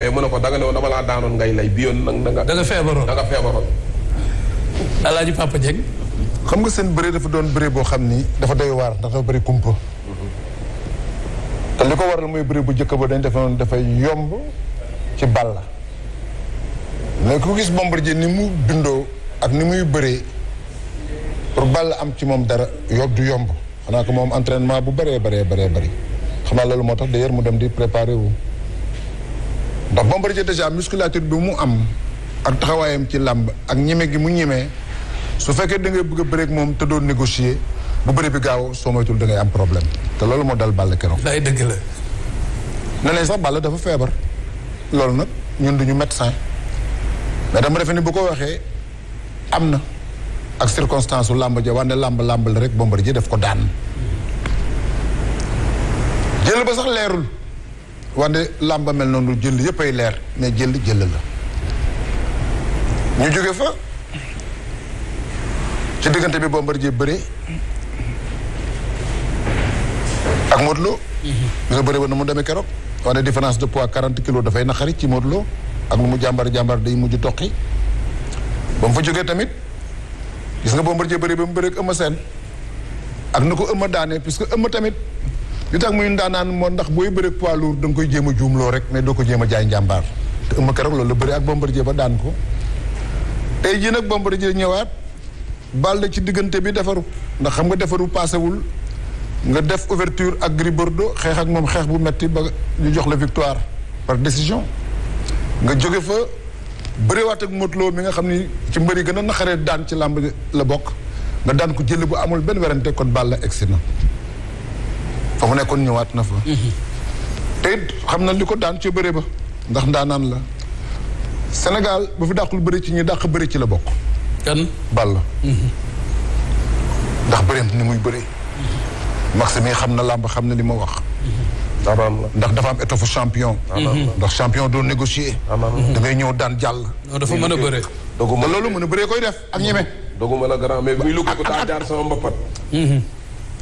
mais eh, mu ne ko danga ne woon dama laa daanoon ngay lay bi yoon nag danga. danga feebaroon danga feebaroon. alaaji Papa xam nga seen bëre dafa doon bëre boo xam ni dafa doy waar ndax dafa bëri kumpa. te li ko waral muy bëre bu njëkk ba dañ defe dafay yomb ci bal la mais ku gis Bombardier ni mu dundoo ak ni muy bëree pour Balla am ci moom dara yob du yomb xanaa ko moom entraînement bu bëree bëree bëree bëri xanaa loolu moo tax d'ailleurs mu dem di préparer wu. ndax Bombardier déjà musculature bi mu am ak taxawaayam ci làmb ak ñeme gi mu ñemee su fekkee da ngay bëgg a bëreeg moom te doon négocier bu bëri bi gaaw soo moytul da ngay am problème te loolu moo dal Balla keroog. day dëgg la. ne nañ sax Balla dafa feebar loolu nag ñun duñu médecin mais dama defe ni bu ko waxee am na ak circonstance su làmb ja wante làmb làmb la rek Bombardier daf ko daan jël ba sax leerul. wante làmba mel noonu jël yëpp ay leer mais jël jël la ñu jóge fa ci diggante bi Bombardier bëre ak Modou Lo mhm. nga bëre ba na mu demee keroog wante différence de poids quarante kilos dafay naqari ci Modou Lo ak lu mu jàmbar jàmbar day mujj toqi ba mu fa jógee tamit gis nga Bombardier bëre ba mu bëre ak Eumeu Sène ak na ko Eumeu daane que Eumeu tamit li tax muy ndaanaan moo ndax booy bëre poids lourd koy jéem a juumloo rek mais doo ko jéem jaay njàmbaar te ëmb keroog loolu la bëri ak Bombardier ba daan ko tey jii nag Bombardier ñëwaat Balla ci diggante bi defaru ndax xam nga defaru paasewul nga def ouverture ak Gris Bordeaux xeex ak moom xeex bu metti ba ñu jox la victoire par décision nga jóge fa bëriwaat ak Modou Lo mi nga xam ni ci mbëri gën a naxaree daan ci làmb la bokk nga daan ko jël bu amul benn werante kon Balla egsi na fa mu nekkoon ñëwaat na fa. Mhm. te xam na li ko daan ci bëre ba ndax ndaanaan la Sénégal bu fi dàqul bëri ci ñi dàq bëri ci la bokk. kan Balla. Mhm. ndax bëreem ni muy bëri. Mhm. Maxime yi xam na làmb xam na li ma wax. ndax dafa am étoffe champion. ndax champion doo négocier. da ngay ñëw daan jàll. dafa mën a bëree. dogu mën a mën a bëree koy def ak ñeme. dogu mën ko daa jaar sama mbapat.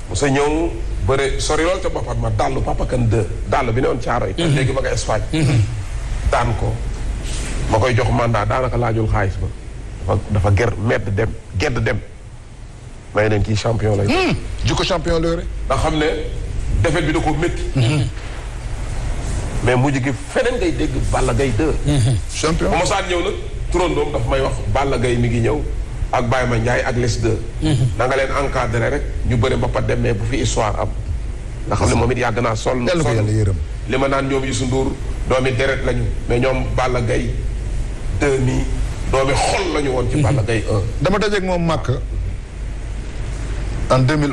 mos a ñëw. bëre sori lool ca boppam ma dàllu Papa Kan dàll bi ne woon Caaroy te mhm. léegi ma nga Espagne mhm. daan ko ma koy jox mandat daanaka laajul xaalis ba dafa dafa ger medd dem gedd dem may leen kii champion lay mhm. jikko champion la yore ndax xam ne defet bi ko mais mujj gi feneen ngay dégg Balla Gaye 2 champion bu ma saan ñëw nag turandoom may wax Balla Gaye mi ngi ñëw ak Baye Ma Ndiaye ak les deux. da mhm. nga leen encadré rek ñu bëri ba pat dem mais bu fi histoire am. nga xam ne moom it yàgg naa sol. na sol li ma naan ñoom Youssou Ndour doomi deret lañu mais ñoom Balla Gaye 2 mi doomi xol lañu woon. ci mhm. Balla Gaye 1. dama dajeeg moom màkk en 2011.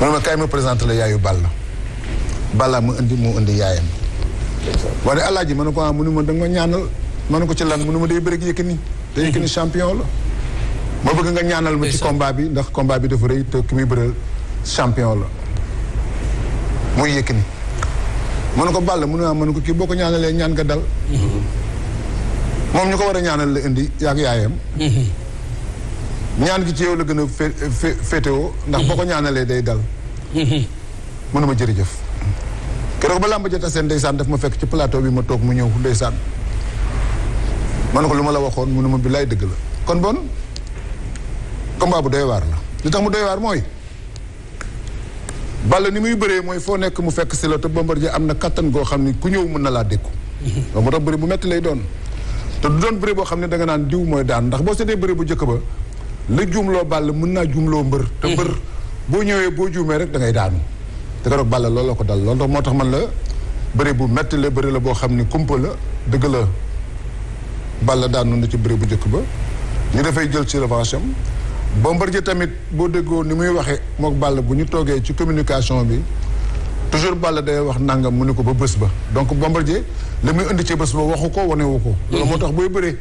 man ma kaay ma présenté la yaayu Balla. Balla mu indi mu indi yaayam. waaye alaaji ma ne ko ah mu ne ma danga ñaan ma ne ko ci lan mu nu ma day bëri yëkk nii. te Yékini mhm. champion la. ma bëgg nga ñaanal ma ci combat bi ndax combat bi dafa rëy te ki muy bëreel champion la muy Yékini. mën na ko bàll mun naa mën na ko kii boo ko ñaanalee ñaan nga dal. Mhm. moom ñu ko war a ñaanal la indi yaa yaayam. Mhm. ñaan ki ci yow la gën a fé féetewoo ndax boo ko ñaanalee day dal. mënuma jërëjëf. keroog ba làmb ja taseen ndeysaan daf ma fekk ci palaato bi ma toog mu ñëw ndeysaan. man ko lu ma la waxoon mu ne ma billaay dëgg la kon bon combat bu doy waar la li tax mu doy waar mooy Balla ni muy bëree mooy foo nekk mu fekk si la te Bombardier am na kàttan goo xam ni ku ñëw mën na laa dékku. loolu moo tax bëri bu metti lay doon te du bëri boo xam ne da nga naan diw mooy daan ndax boo seetee bëri bu njëkk ba la juumloo Balla mën naa juumloo mbër. te boo ñëwee boo juumee rek da ngay daanu te keroog Balla loolu la ko dal loolu tax moo tax man la bëri bu metti la bëri la boo xam ni kumpa la dëgg la. Balla daanu na ci bëre bu njëkk ba ñu dafay jël ci revanche am Bombardier tamit boo déggoo ni muy waxee mook Balla bu ñu toogee ci communication bi toujours Balla day wax nangam mu ne ko ba bés ba donc Bombardier li muy indi ci bés ba waxu ko wanewu ko loolu moo tax booy bëree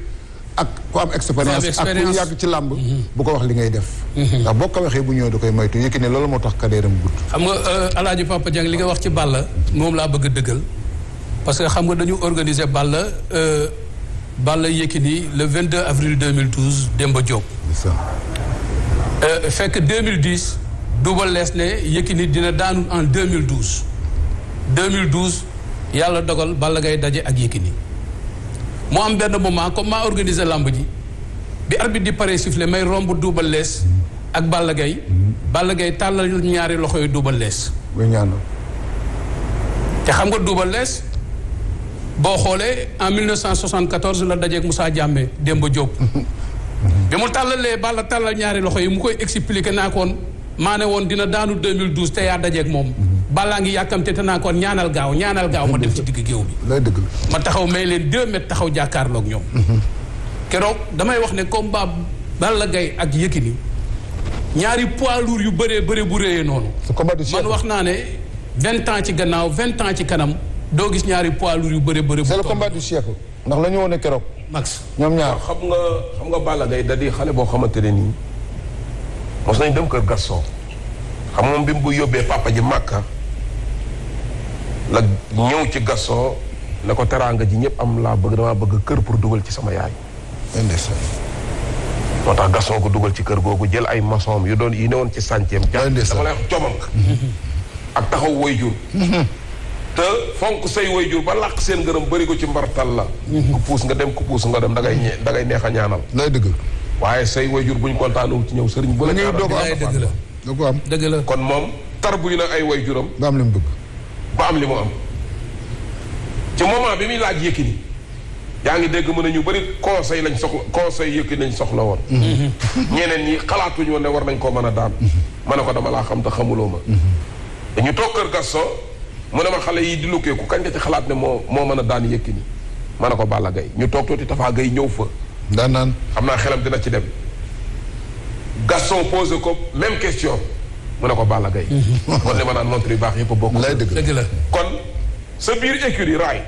ak ku am expérience ak ku yàgg ci làmb mhm. bu ko wax li ngay def mhm. ndax boo ko waxee bu ñëwee da koy moytu yëkki ne loolu moo tax kadeeram gudd xam nga euh, alaaji Papa li nga wax ci Balla moom laa bëgg a parce que xam nga dañu organiser Balla euh, Balla Yékini le 22 avril 2012 Demba Diop. Euh, fekk 2010 Double Less ne Yékini dina daanu en 2012. 2012 yàlla dogal Balla gay daje ak Yékini moo am benn moment comme maa organiser làmb ji bi arbitre di pare sifflet may romb Double Less ak Balla Gaye mm-hmm. Balla Gaye tàllal ñaari loxo yu Double Less. te xam nga Double Less. boo xoolee en 1974 la dajeeg Moussa Diame Demba Diop. bi mu tàllalee bala tàllal ñaari loxo yi mu koy expliqué naa koon maa ne woon dina daanu 2012 te yaa dajeek moom. balaa ngi yàkkamte te naa koon ñaanal gaaw ñaanal gaaw ma dem ci digg géew bi. ma taxaw may leen 2 mètres taxaw jàkkaarloog ñoom. keroog damay wax ne combat Balla gay ak Yékini ñaari poids lour yu bëree bëri bu réyee noonu. man wax naa ne vingt ans ci gannaaw vingt ans ci kanam. doo gis ñaari poids lourds yu bëri bëri. c'est le combat du siècle ndax la ñu woon keroog. max ñoom ñaar xam nga xam nga Balla da di xale boo xamante ne nii mos nañ dem kër Gaston xam nga moom bi mu yóbbee papa ji Màkka la ñëw ci gastoo ne ko teraanga ji ñëpp am laa bëgg damaa bëgg kër pour dugal ci sama yaay. moo tax gastoo ko dugal ci kër googu jël ay maçon yu doon yi woon ci sànceem. ndeysaan dama lay wax ak taxaw woy jur te fonk say wayjur ba làq seen ngërëm bëri ko ci mbartal la ku puus nga dem ku nga dem da ngay ñe da ngay neex a ñaanal lay dëgg waaye say wayjur buñ kontaanul ci ñëw sëriñ bu la ñëw doo ko am doo ko am dëgg la kon moom tarbuy na ay wayjuram ba am li mu bëgg ba am li mu am ci moment bi muy laaj Yékini yaa ngi dégg mën a ñu bëri conseil lañ soxla conseil Yékini lañ soxla woon mhm. ñeneen ñi xalaatuñu woon ne war nañ koo mën a daan mhm. man ne ko dama laa xam te xamuloo ma dañu mhm. toog kër Gaston mu ne ma xale yi di lukkee ku kañ nga ci xalaat ne moo moo mën a daan Yékini man ne ko Balla Gaye ñu toog tuuti Tafa Gaye ñëw fa. daan naan xam naa xelam dina ci dem. Gaston posé ko même question mu ne ko Balla gay kon li ma naan montre yu baax yëpp a bokk. lay dëgg la kon sa biir écurie raay.